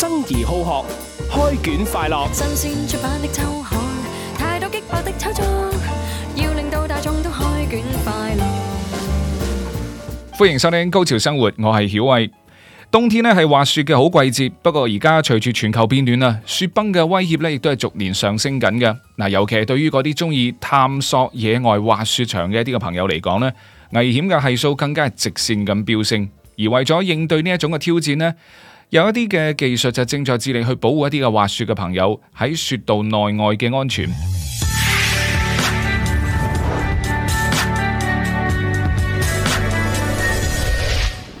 生而好學，開卷快樂。新鮮出版的周刊，太多激爆的炒作，要令到大眾都開卷快樂。歡迎收聽《Go 潮生活》，我係曉慧。冬天呢係滑雪嘅好季節，不過而家隨住全球變暖啊，雪崩嘅威脅呢亦都係逐年上升緊嘅。嗱，尤其係對於嗰啲中意探索野外滑雪場嘅一啲嘅朋友嚟講呢，危險嘅係數更加係直線咁飆升。而為咗應對呢一種嘅挑戰呢。有一啲嘅技術就正在致力去保護一啲嘅滑雪嘅朋友喺雪道內外嘅安全。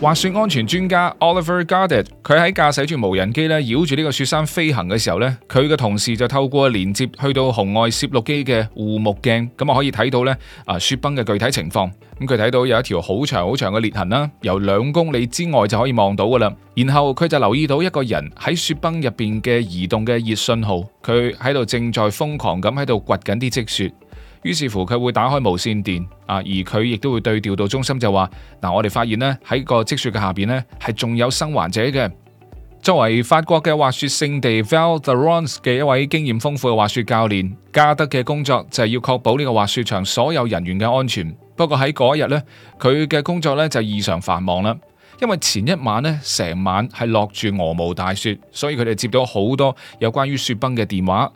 滑雪安全專家 Oliver Garded，佢喺駕駛住無人機咧繞住呢個雪山飛行嘅時候咧，佢嘅同事就透過連接去到紅外攝錄機嘅護目鏡，咁啊可以睇到咧啊雪崩嘅具體情況。咁佢睇到有一條好長好長嘅裂痕啦，由兩公里之外就可以望到噶啦。然後佢就留意到一個人喺雪崩入邊嘅移動嘅熱訊號，佢喺度正在瘋狂咁喺度掘緊啲積雪。於是乎佢會打開無線電啊，而佢亦都會對調度中心就話：嗱、啊，我哋發現呢，喺個積雪嘅下邊呢，係仲有生還者嘅。作為法國嘅滑雪聖地 Val Thorens 嘅一位經驗豐富嘅滑雪教練，加德嘅工作就係要確保呢個滑雪場所有人員嘅安全。不過喺嗰日呢，佢嘅工作呢就異常繁忙啦，因為前一晚呢，成晚係落住鵝毛大雪，所以佢哋接到好多有關於雪崩嘅電話。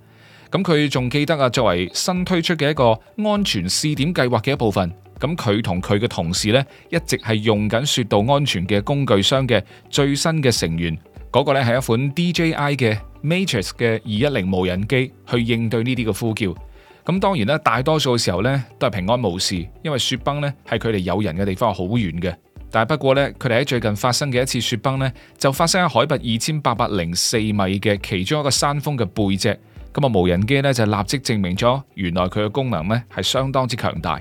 咁佢仲記得啊，作為新推出嘅一個安全試點計劃嘅一部分，咁佢同佢嘅同事呢，一直係用緊雪道安全嘅工具箱嘅最新嘅成員嗰個呢，係一款 DJI 嘅 Matrix 嘅二一零無人機去應對呢啲嘅呼叫。咁當然啦，大多數嘅時候呢都係平安無事，因為雪崩呢係距離有人嘅地方好遠嘅。但係不過呢，佢哋喺最近發生嘅一次雪崩呢，就發生喺海拔二千八百零四米嘅其中一個山峰嘅背脊。咁啊！無人機咧就立即證明咗，原來佢嘅功能呢係相當之強大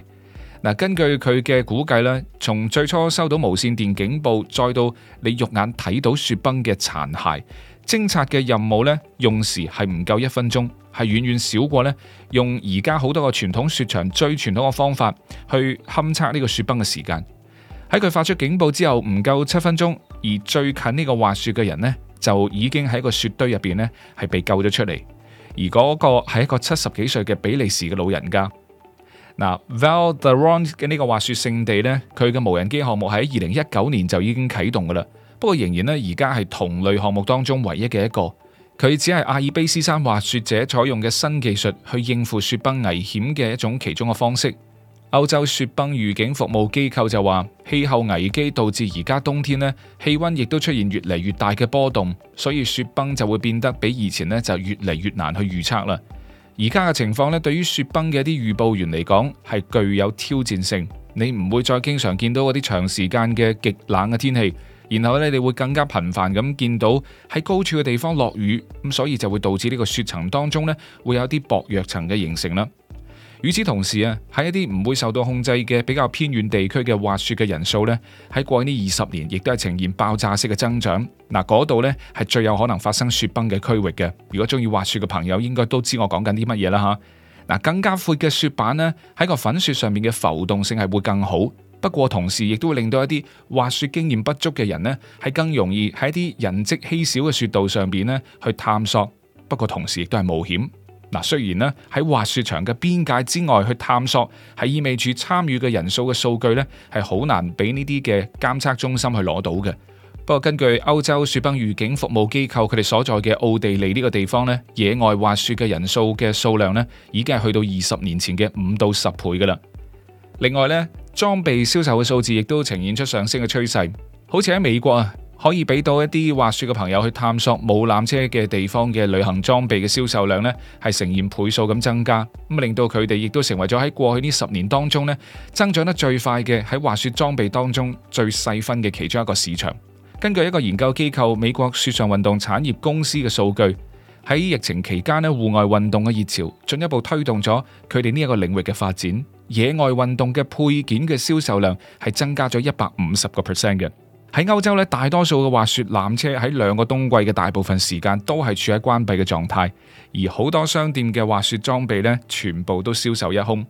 嗱。根據佢嘅估計呢，從最初收到無線電警報，再到你肉眼睇到雪崩嘅殘骸，偵察嘅任務呢，用時係唔夠一分鐘，係遠遠少過呢，用而家好多個傳統雪場最傳統嘅方法去勘測呢個雪崩嘅時間。喺佢發出警報之後，唔夠七分鐘，而最近呢個滑雪嘅人呢，就已經喺個雪堆入邊呢，係被救咗出嚟。而嗰個係一個七十幾歲嘅比利時嘅老人家。嗱，Val Thorens 嘅呢個滑雪勝地呢，佢嘅無人機項目喺二零一九年就已經啟動噶啦。不過仍然呢，而家係同類項目當中唯一嘅一個。佢只係阿爾卑斯山滑雪者採用嘅新技術去應付雪崩危險嘅一種其中嘅方式。歐洲雪崩預警服務機構就話，氣候危機導致而家冬天呢，氣溫亦都出現越嚟越大嘅波動，所以雪崩就會變得比以前呢就越嚟越難去預測啦。而家嘅情況呢，對於雪崩嘅一啲預報員嚟講係具有挑戰性。你唔會再經常見到嗰啲長時間嘅極冷嘅天氣，然後呢，你會更加頻繁咁見到喺高處嘅地方落雨，咁所以就會導致呢個雪層當中呢，會有啲薄弱層嘅形成啦。與此同時啊，喺一啲唔會受到控制嘅比較偏遠地區嘅滑雪嘅人數咧，喺過去呢二十年亦都係呈現爆炸式嘅增長。嗱，嗰度呢係最有可能發生雪崩嘅區域嘅。如果中意滑雪嘅朋友，應該都知我講緊啲乜嘢啦吓。嗱，更加闊嘅雪板呢，喺個粉雪上面嘅浮動性係會更好。不過同時，亦都會令到一啲滑雪經驗不足嘅人呢，係更容易喺一啲人跡稀少嘅雪道上邊呢去探索。不過同時亦都係冒險。嗱，雖然咧喺滑雪場嘅邊界之外去探索，係意味住參與嘅人數嘅數據呢，係好難畀呢啲嘅監測中心去攞到嘅。不過根據歐洲雪崩預警服務機構，佢哋所在嘅奧地利呢個地方呢，野外滑雪嘅人數嘅數量呢，已經係去到二十年前嘅五到十倍㗎喇。另外呢，裝備銷售嘅數字亦都呈現出上升嘅趨勢，好似喺美國啊。可以俾到一啲滑雪嘅朋友去探索冇纜車嘅地方嘅旅行裝備嘅銷售量呢係呈現倍數咁增加，咁令到佢哋亦都成為咗喺過去呢十年當中咧增長得最快嘅喺滑雪裝備當中最細分嘅其中一個市場。根據一個研究機構美國雪上運動產業公司嘅數據，喺疫情期間咧戶外運動嘅熱潮進一步推動咗佢哋呢一個領域嘅發展，野外運動嘅配件嘅銷售量係增加咗一百五十個 percent 嘅。喺歐洲咧，大多數嘅滑雪纜車喺兩個冬季嘅大部分時間都係處喺關閉嘅狀態，而好多商店嘅滑雪裝備呢，全部都銷售一空。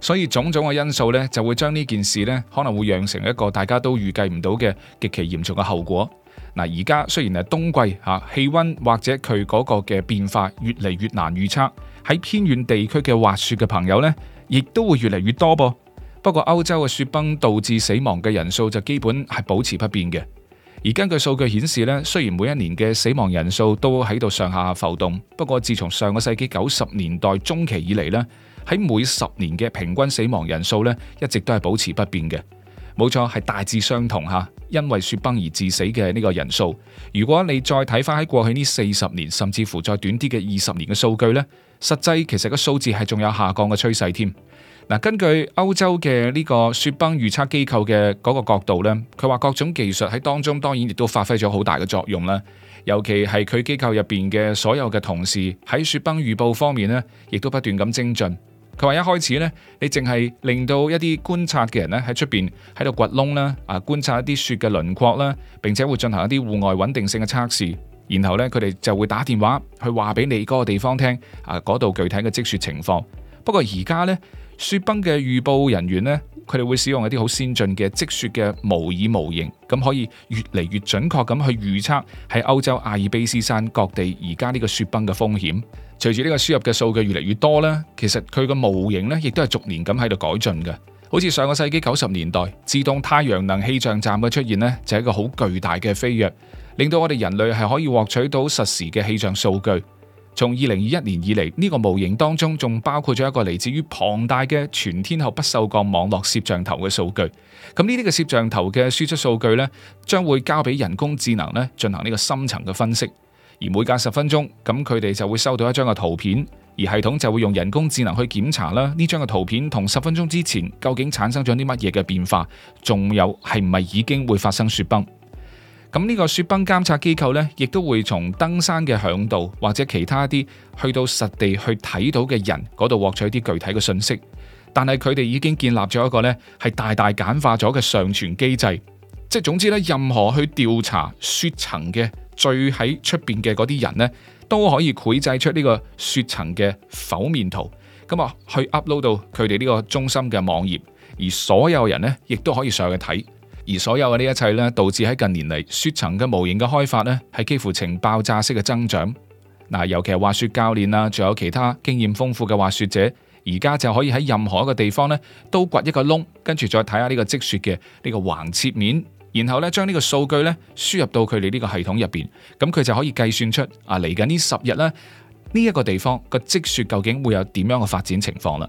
所以種種嘅因素呢，就會將呢件事呢可能會釀成一個大家都預計唔到嘅極其嚴重嘅後果。嗱，而家雖然係冬季，吓氣溫或者佢嗰個嘅變化越嚟越難預測，喺偏遠地區嘅滑雪嘅朋友呢，亦都會越嚟越多噃。不過歐洲嘅雪崩導致死亡嘅人數就基本係保持不變嘅。而根據數據顯示咧，雖然每一年嘅死亡人數都喺度上下下浮動，不過自從上個世紀九十年代中期以嚟咧，喺每十年嘅平均死亡人數咧，一直都係保持不變嘅。冇錯，係大致相同吓，因為雪崩而致死嘅呢個人數。如果你再睇翻喺過去呢四十年，甚至乎再短啲嘅二十年嘅數據咧，實際其實個數字係仲有下降嘅趨勢添。根據歐洲嘅呢個雪崩預測機構嘅嗰個角度呢，佢話各種技術喺當中當然亦都發揮咗好大嘅作用啦。尤其係佢機構入邊嘅所有嘅同事喺雪崩預報方面呢，亦都不斷咁精進。佢話一開始呢，你淨係令到一啲觀察嘅人咧喺出邊喺度掘窿啦，啊觀察一啲雪嘅輪廓啦，並且會進行一啲戶外穩定性嘅測試，然後呢，佢哋就會打電話去話俾你嗰個地方聽，啊嗰度具體嘅積雪情況。不過而家呢，雪崩嘅預報人員呢，佢哋會使用一啲好先進嘅積雪嘅模擬模型，咁可以越嚟越準確咁去預測喺歐洲阿爾卑斯山各地而家呢個雪崩嘅風險。隨住呢個輸入嘅數據越嚟越多啦，其實佢個模型呢亦都係逐年咁喺度改進嘅。好似上個世紀九十年代自動太陽能氣象站嘅出現呢，就係一個好巨大嘅飛躍，令到我哋人類係可以獲取到實時嘅氣象數據。從二零二一年以嚟，呢個模型當中仲包括咗一個嚟自於龐大嘅全天候不鏽鋼網絡攝像頭嘅數據。咁呢啲嘅攝像頭嘅輸出數據呢，將會交俾人工智能咧進行呢個深層嘅分析。而每隔十分鐘，咁佢哋就會收到一張嘅圖片，而系統就會用人工智能去檢查啦呢張嘅圖片同十分鐘之前究竟產生咗啲乜嘢嘅變化，仲有係唔係已經會發生雪崩？咁呢個雪崩監察機構呢，亦都會從登山嘅嚮導或者其他啲去到實地去睇到嘅人嗰度獲取一啲具體嘅信息。但係佢哋已經建立咗一個呢係大大簡化咗嘅上傳機制。即係總之呢，任何去調查雪層嘅最喺出邊嘅嗰啲人呢，都可以繪製出呢個雪層嘅剖面圖。咁啊，去 upload 到佢哋呢個中心嘅網頁，而所有人呢，亦都可以上去睇。而所有嘅呢一切呢，導致喺近年嚟雪層嘅模型嘅開發呢，係幾乎呈爆炸式嘅增長。嗱，尤其係滑雪教練啊，仲有其他經驗豐富嘅滑雪者，而家就可以喺任何一個地方呢，都掘一個窿，跟住再睇下呢個積雪嘅呢個橫切面，然後呢，將呢個數據呢輸入到佢哋呢個系統入邊，咁佢就可以計算出啊嚟緊呢十日呢，呢、呢、一個地方個積雪究竟會有點樣嘅發展情況啦。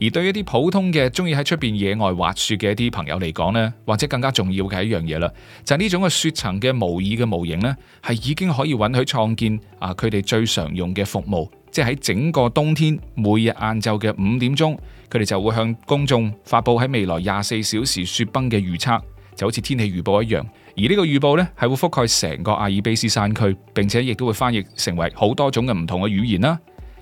而對於一啲普通嘅鍾意喺出邊野外滑雪嘅一啲朋友嚟講呢，或者更加重要嘅一樣嘢啦，就係呢種嘅雪層嘅模擬嘅模型呢，係已經可以允許創建啊佢哋最常用嘅服務，即係喺整個冬天每日晏晝嘅五點鐘，佢哋就會向公眾發布喺未來廿四小時雪崩嘅預測，就好似天氣預報一樣。而呢個預報呢，係會覆蓋成個阿爾卑斯山區，並且亦都會翻譯成為好多種嘅唔同嘅語言啦。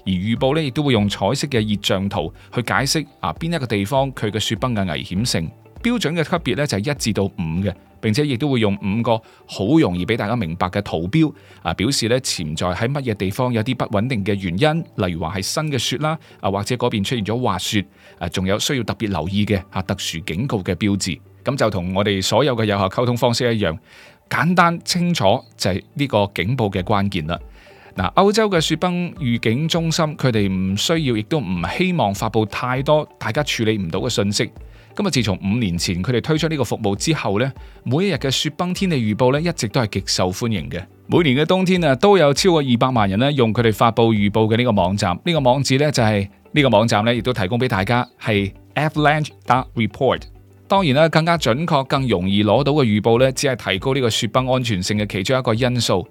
而預報咧，亦都會用彩色嘅熱像圖去解釋啊，邊一個地方佢嘅雪崩嘅危險性標準嘅級別咧，就係一至到五嘅。並且亦都會用五個好容易俾大家明白嘅圖標啊，表示咧潛在喺乜嘢地方有啲不穩定嘅原因，例如話係新嘅雪啦啊，或者嗰邊出現咗滑雪啊，仲有需要特別留意嘅啊特殊警告嘅標誌。咁就同我哋所有嘅有效溝通方式一樣，簡單清楚就係呢個警報嘅關鍵啦。嗱，歐洲嘅雪崩預警中心，佢哋唔需要，亦都唔希望發布太多大家處理唔到嘅信息。咁啊，自從五年前佢哋推出呢個服務之後呢，每一日嘅雪崩天氣預報呢，一直都係極受歡迎嘅。每年嘅冬天啊，都有超過二百萬人呢，用佢哋發布預報嘅呢個網站。呢、呢個網址呢、就係，就係呢個網站呢，亦都提供俾大家係 Avalanche.Report。當然啦，更加準確、更容易攞到嘅預報呢，只係提高呢個雪崩安全性嘅其中一個因素。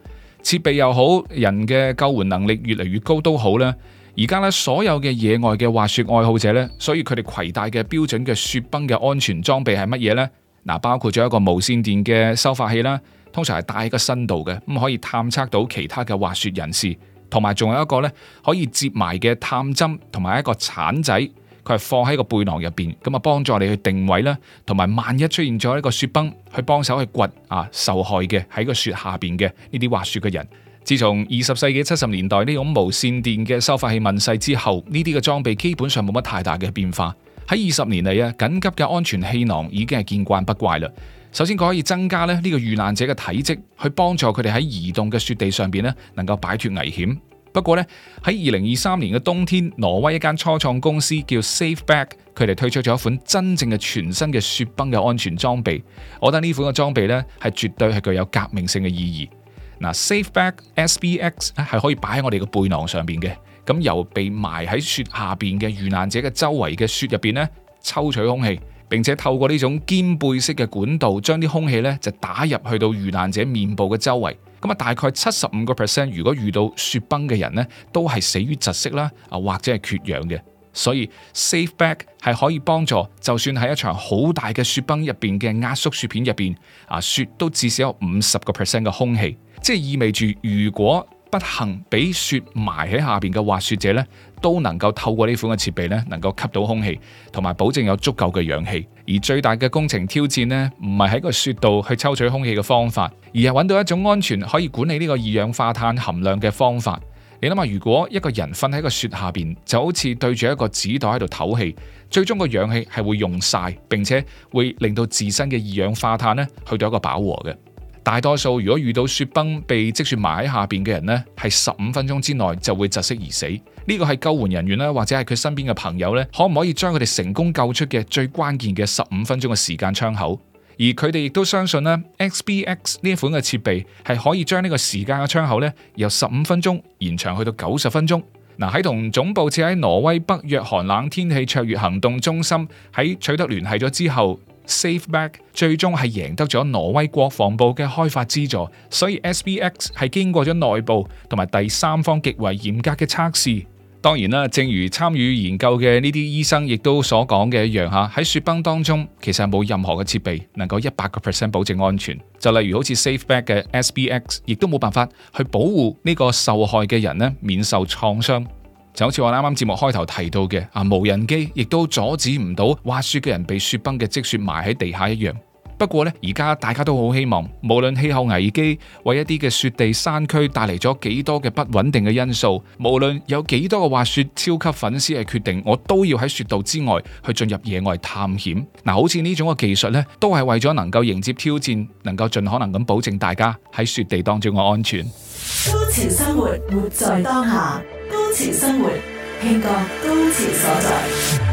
設備又好，人嘅救援能力越嚟越高都好啦。而家咧，所有嘅野外嘅滑雪愛好者咧，所以佢哋攜帶嘅標準嘅雪崩嘅安全裝備係乜嘢呢？嗱，包括咗一個無線電嘅收發器啦，通常係帶喺個身度嘅，咁可以探測到其他嘅滑雪人士，同埋仲有一個咧，可以接埋嘅探針，同埋一個鏟仔。佢係放喺個背囊入邊，咁啊幫助你去定位啦，同埋萬一出現咗一個雪崩，去幫手去掘啊受害嘅喺個雪下邊嘅呢啲滑雪嘅人。自從二十世紀七十年代呢種無線電嘅收發器問世之後，呢啲嘅裝備基本上冇乜太大嘅變化。喺二十年嚟啊，緊急嘅安全氣囊已經係見慣不怪啦。首先佢可以增加咧呢個遇難者嘅體積，去幫助佢哋喺移動嘅雪地上邊咧能夠擺脫危險。不過咧，喺二零二三年嘅冬天，挪威一間初創公司叫 Safeback，佢哋推出咗一款真正嘅全新嘅雪崩嘅安全裝備。我覺得呢款嘅裝備呢係絕對係具有革命性嘅意義。嗱，Safeback SBX 係可以擺喺我哋嘅背囊上邊嘅，咁由被埋喺雪下邊嘅遇難者嘅周圍嘅雪入邊咧，抽取空氣。並且透過呢種肩背式嘅管道將，將啲空氣咧就打入去到遇難者面部嘅周圍。咁啊，大概七十五個 percent，如果遇到雪崩嘅人咧，都係死於窒息啦，啊或者係缺氧嘅。所以 SafeBack 係可以幫助，就算喺一場好大嘅雪崩入邊嘅壓縮雪片入邊，啊雪都至少有五十個 percent 嘅空氣，即係意味住，如果不幸俾雪埋喺下邊嘅滑雪者咧。都能夠透過款設呢款嘅設備咧，能夠吸到空氣，同埋保證有足夠嘅氧氣。而最大嘅工程挑戰呢，唔係喺個雪度去抽取空氣嘅方法，而係揾到一種安全可以管理呢個二氧化碳含量嘅方法。你諗下，如果一個人瞓喺個雪下邊，就好似對住一個紙袋喺度透氣，最終個氧氣係會用晒，並且會令到自身嘅二氧化碳咧去到一個飽和嘅。大多數如果遇到雪崩被積雪埋喺下邊嘅人呢，係十五分鐘之內就會窒息而死。呢個係救援人員啦，或者係佢身邊嘅朋友呢，可唔可以將佢哋成功救出嘅最關鍵嘅十五分鐘嘅時間窗口。而佢哋亦都相信呢，XBX 呢一款嘅設備係可以將呢個時間嘅窗口呢，由十五分鐘延長去到九十分鐘。嗱、啊，喺同總部設喺挪威北約寒冷天氣卓越行動中心喺取得聯繫咗之後，Safeback 最終係贏得咗挪威國防部嘅開發資助，所以 SBX 係經過咗內部同埋第三方極為嚴格嘅測試。當然啦，正如參與研究嘅呢啲醫生亦都所講嘅一樣嚇，喺雪崩當中其實係冇任何嘅設備能夠一百個 percent 保證安全。就例如好似 Safeback 嘅 SBX，亦都冇辦法去保護呢個受害嘅人咧，免受創傷。就好似我啱啱節目開頭提到嘅，啊，無人機亦都阻止唔到滑雪嘅人被雪崩嘅積雪埋喺地下一樣。不過咧，而家大家都好希望，無論氣候危機為一啲嘅雪地山區帶嚟咗幾多嘅不穩定嘅因素，無論有幾多嘅滑雪超級粉絲嘅決定，我都要喺雪道之外去進入野外探險。嗱，好似呢種嘅技術咧，都係為咗能夠迎接挑戰，能夠盡可能咁保證大家喺雪地當中嘅安全。Go 潮生活，活在當下；Go 潮生活，慶國高潮所在。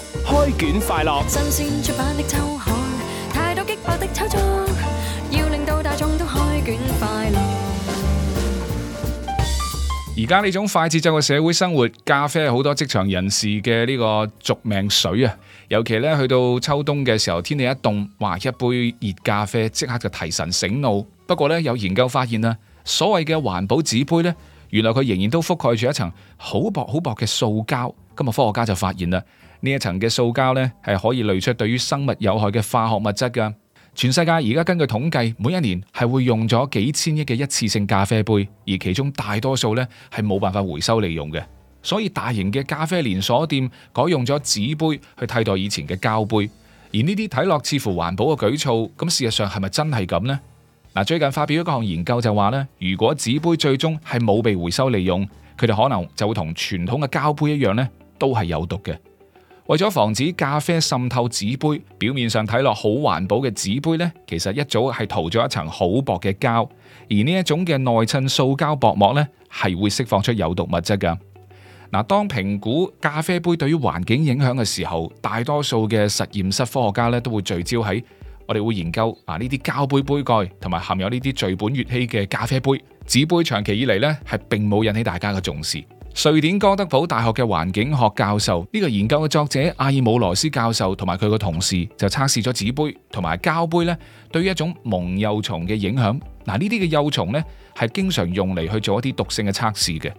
開卷快樂，新鮮出版的秋太多激爆的秋裝，要令到大眾都開卷快樂。而家呢種快節奏嘅社會生活，咖啡係好多職場人士嘅呢個續命水啊！尤其呢去到秋冬嘅時候，天氣一凍，哇！一杯熱咖啡即刻就提神醒腦。不過呢，有研究發現啦，所謂嘅環保紙杯呢，原來佢仍然都覆蓋住一層好薄好薄嘅塑膠。今日科學家就發現啦。呢一層嘅塑膠呢，係可以濾出對於生物有害嘅化學物質噶。全世界而家根據統計，每一年係會用咗幾千億嘅一次性咖啡杯，而其中大多數呢，係冇辦法回收利用嘅。所以大型嘅咖啡連鎖店改用咗紙杯去替代以前嘅膠杯，而呢啲睇落似乎環保嘅舉措，咁事實上係咪真係咁呢？嗱，最近發表咗一項研究就話呢，如果紙杯最終係冇被回收利用，佢哋可能就會同傳統嘅膠杯一樣呢，都係有毒嘅。為咗防止咖啡滲透紙杯，表面上睇落好環保嘅紙杯呢，其實一早係塗咗一層好薄嘅膠，而呢一種嘅內襯塑膠薄膜呢，係會釋放出有毒物質噶。嗱，當評估咖啡杯對於環境影響嘅時候，大多數嘅實驗室科學家咧都會聚焦喺我哋會研究啊呢啲膠杯杯蓋同埋含有呢啲聚苯乙烯嘅咖啡杯、紙杯，長期以嚟呢，係並冇引起大家嘅重視。瑞典哥德堡大學嘅環境學教授呢個研究嘅作者阿爾姆羅斯教授同埋佢個同事就測試咗紙杯同埋膠杯咧，對於一種蒙幼蟲嘅影響。嗱，呢啲嘅幼蟲咧係經常用嚟去做一啲毒性嘅測試嘅。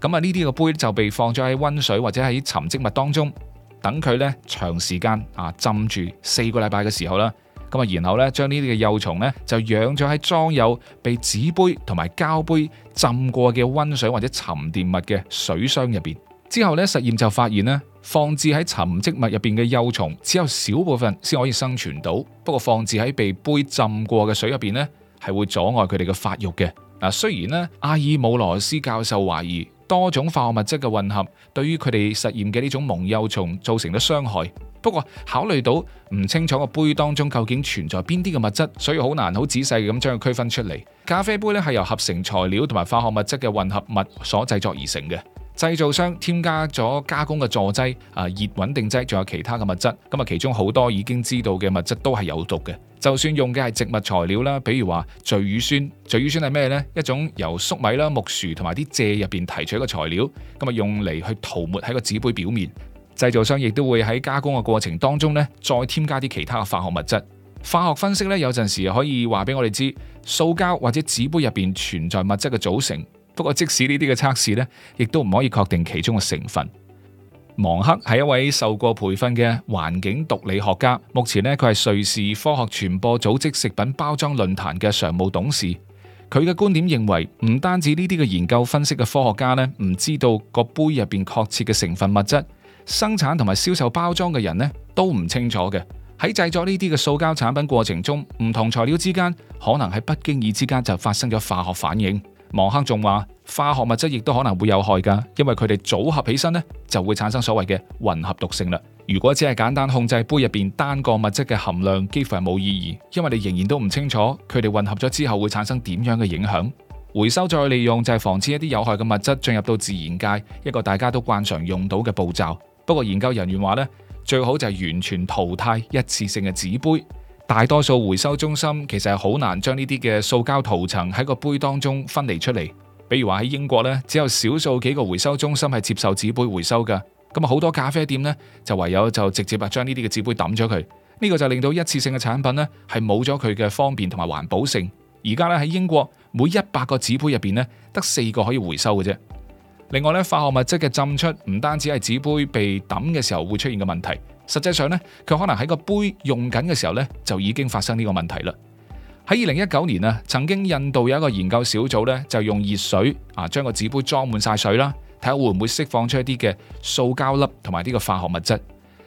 咁啊，呢啲嘅杯就被放咗喺温水或者喺沉積物當中，等佢咧長時間啊浸住四個禮拜嘅時候啦。咁啊，然後咧，將呢啲嘅幼蟲咧，就養咗喺裝有被紙杯同埋膠杯浸過嘅溫水或者沉澱物嘅水箱入邊。之後咧，實驗就發現咧，放置喺沉積物入邊嘅幼蟲只有少部分先可以生存到。不過，放置喺被杯浸過嘅水入邊咧，係會阻礙佢哋嘅發育嘅。嗱，雖然咧，阿爾姆羅斯教授懷疑多種化學物質嘅混合對於佢哋實驗嘅呢種萌幼蟲造成咗傷害。不過考慮到唔清楚個杯當中究竟存在邊啲嘅物質，所以好難好仔細咁將佢區分出嚟。咖啡杯呢係由合成材料同埋化學物質嘅混合物所製作而成嘅。製造商添加咗加工嘅助劑、啊熱穩定劑，仲有其他嘅物質。咁啊，其中好多已經知道嘅物質都係有毒嘅。就算用嘅係植物材料啦，比如話聚乳酸。聚乳酸係咩呢？一種由粟米啦、木薯同埋啲蔗入邊提取嘅材料。咁啊，用嚟去塗抹喺個紙杯表面。製造商亦都會喺加工嘅過程當中呢，再添加啲其他嘅化學物質。化學分析呢，有陣時可以話俾我哋知，塑膠或者紙杯入邊存在物質嘅組成。不過，即使呢啲嘅測試呢，亦都唔可以確定其中嘅成分。芒克係一位受過培訓嘅環境毒理學家，目前呢，佢係瑞士科學傳播組織食品包裝論壇嘅常務董事。佢嘅觀點認為，唔單止呢啲嘅研究分析嘅科學家呢，唔知道個杯入邊確切嘅成分物質。生產同埋銷售包裝嘅人呢，都唔清楚嘅。喺製作呢啲嘅塑膠產品過程中，唔同材料之間可能喺不經意之間就發生咗化學反應。網克仲話，化學物質亦都可能會有害噶，因為佢哋組合起身呢，就會產生所謂嘅混合毒性啦。如果只係簡單控制杯入邊單個物質嘅含量，幾乎係冇意義，因為你仍然都唔清楚佢哋混合咗之後會產生點樣嘅影響。回收再利用就係防止一啲有害嘅物質進入到自然界，一個大家都慣常用到嘅步驟。不過，研究人員話呢，最好就係完全淘汰一次性嘅紙杯。大多數回收中心其實係好難將呢啲嘅塑膠塗層喺個杯當中分離出嚟。比如話喺英國呢，只有少數幾個回收中心係接受紙杯回收㗎。咁啊，好多咖啡店呢，就唯有就直接啊將呢啲嘅紙杯抌咗佢。呢個就令到一次性嘅產品呢，係冇咗佢嘅方便同埋環保性。而家咧，喺英國每一百個紙杯入邊呢，得四個可以回收嘅啫。另外咧，化學物質嘅浸出唔單止係紙杯被揼嘅時候會出現嘅問題，實際上呢，佢可能喺個杯用緊嘅時候呢，就已經發生呢個問題啦。喺二零一九年啊，曾經印度有一個研究小組呢，就用熱水啊，將個紙杯裝滿晒水啦，睇下會唔會釋放出一啲嘅塑膠粒同埋呢個化學物質。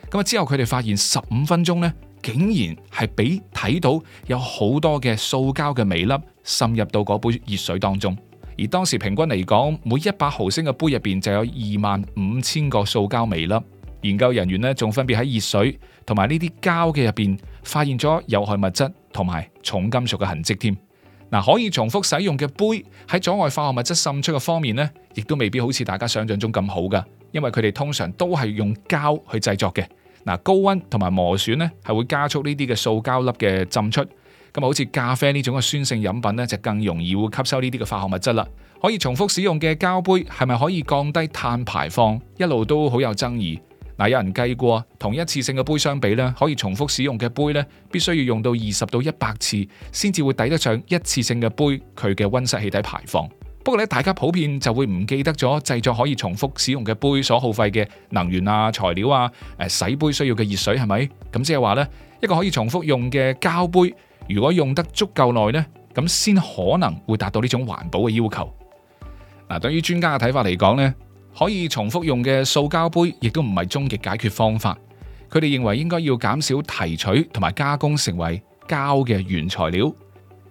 咁啊之後佢哋發現十五分鐘呢，竟然係俾睇到有好多嘅塑膠嘅微粒滲入到嗰杯熱水當中。而當時平均嚟講，每一百毫升嘅杯入邊就有二萬五千個塑膠微粒。研究人員咧，仲分別喺熱水同埋呢啲膠嘅入邊發現咗有害物質同埋重金屬嘅痕跡添。嗱，可以重複使用嘅杯喺阻礙化學物質滲出嘅方面呢，亦都未必好似大家想像中咁好噶，因為佢哋通常都係用膠去製作嘅。嗱，高溫同埋磨損呢，係會加速呢啲嘅塑膠粒嘅滲出。咁好似咖啡呢種嘅酸性飲品呢，就更容易會吸收呢啲嘅化學物質啦。可以重複使用嘅膠杯係咪可以降低碳排放？一路都好有爭議。嗱，有人計過，同一次性嘅杯相比呢，可以重複使用嘅杯呢，必須要用到二十到一百次先至會抵得上一次性嘅杯佢嘅温室氣體排放。不過咧，大家普遍就會唔記得咗製作可以重複使用嘅杯所耗費嘅能源啊、材料啊、誒洗杯需要嘅熱水係咪？咁即係話呢，一個可以重複用嘅膠杯。如果用得足夠耐呢，咁先可能會達到呢種環保嘅要求。嗱、啊，對於專家嘅睇法嚟講呢，可以重複用嘅塑膠杯，亦都唔係終極解決方法。佢哋認為應該要減少提取同埋加工成為膠嘅原材料。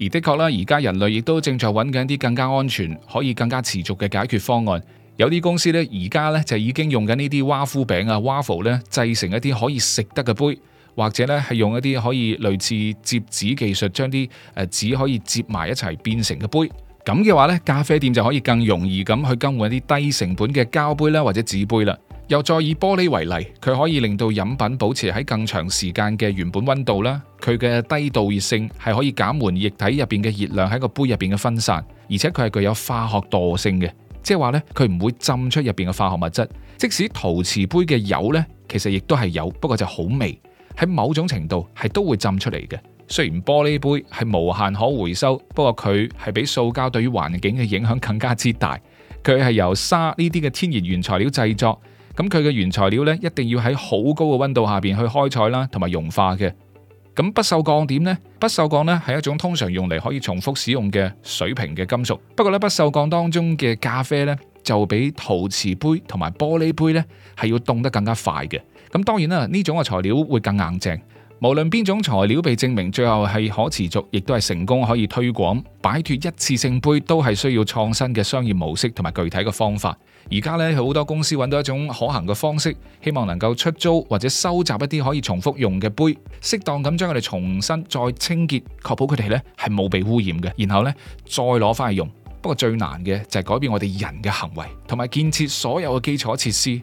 而的確啦，而家人類亦都正在揾緊啲更加安全、可以更加持續嘅解決方案。有啲公司呢，而家呢就已經用緊呢啲蛙夫餅啊、waffle 呢，製成一啲可以食得嘅杯，或者咧係用一啲可以類似摺紙技術，將啲誒紙可以摺埋一齊變成嘅杯咁嘅話咧，咖啡店就可以更容易咁去更換一啲低成本嘅膠杯啦，或者紙杯啦。又再以玻璃為例，佢可以令到飲品保持喺更長時間嘅原本温度啦。佢嘅低導熱性係可以減緩液體入邊嘅熱量喺個杯入邊嘅分散，而且佢係具有化學惰性嘅，即係話呢佢唔會浸出入邊嘅化學物質。即使陶瓷杯嘅油呢，其實亦都係有，不過就好微。喺某種程度係都會浸出嚟嘅。雖然玻璃杯係無限可回收，不過佢係比塑膠對於環境嘅影響更加之大。佢係由沙呢啲嘅天然原材料製作，咁佢嘅原材料呢一定要喺好高嘅温度下邊去開採啦，同埋融化嘅。咁不鏽鋼點呢？不鏽鋼呢係一種通常用嚟可以重複使用嘅水瓶嘅金屬。不過咧，不鏽鋼當中嘅咖啡呢，就比陶瓷杯同埋玻璃杯呢係要凍得更加快嘅。咁當然啦，呢種嘅材料會更硬淨。無論邊種材料被證明最後係可持續，亦都係成功可以推廣，擺脫一次性杯都係需要創新嘅商業模式同埋具體嘅方法。而家咧，好多公司揾到一種可行嘅方式，希望能夠出租或者收集一啲可以重複用嘅杯，適當咁將佢哋重新再清潔，確保佢哋咧係冇被污染嘅，然後咧再攞翻去用。不過最難嘅就係改變我哋人嘅行為，同埋建設所有嘅基礎設施。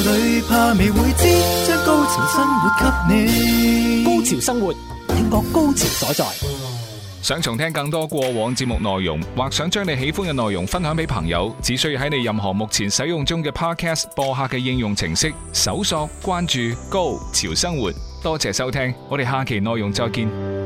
Go 潮生活，聽我 Go 潮所在。想重聽更多過往節目內容，或想將你喜歡嘅內容分享俾朋友，只需要喺你任何目前使用中嘅 Podcast 播客嘅應用程式搜索、關注 Go 潮生活。多謝收聽，我哋下期內容再見。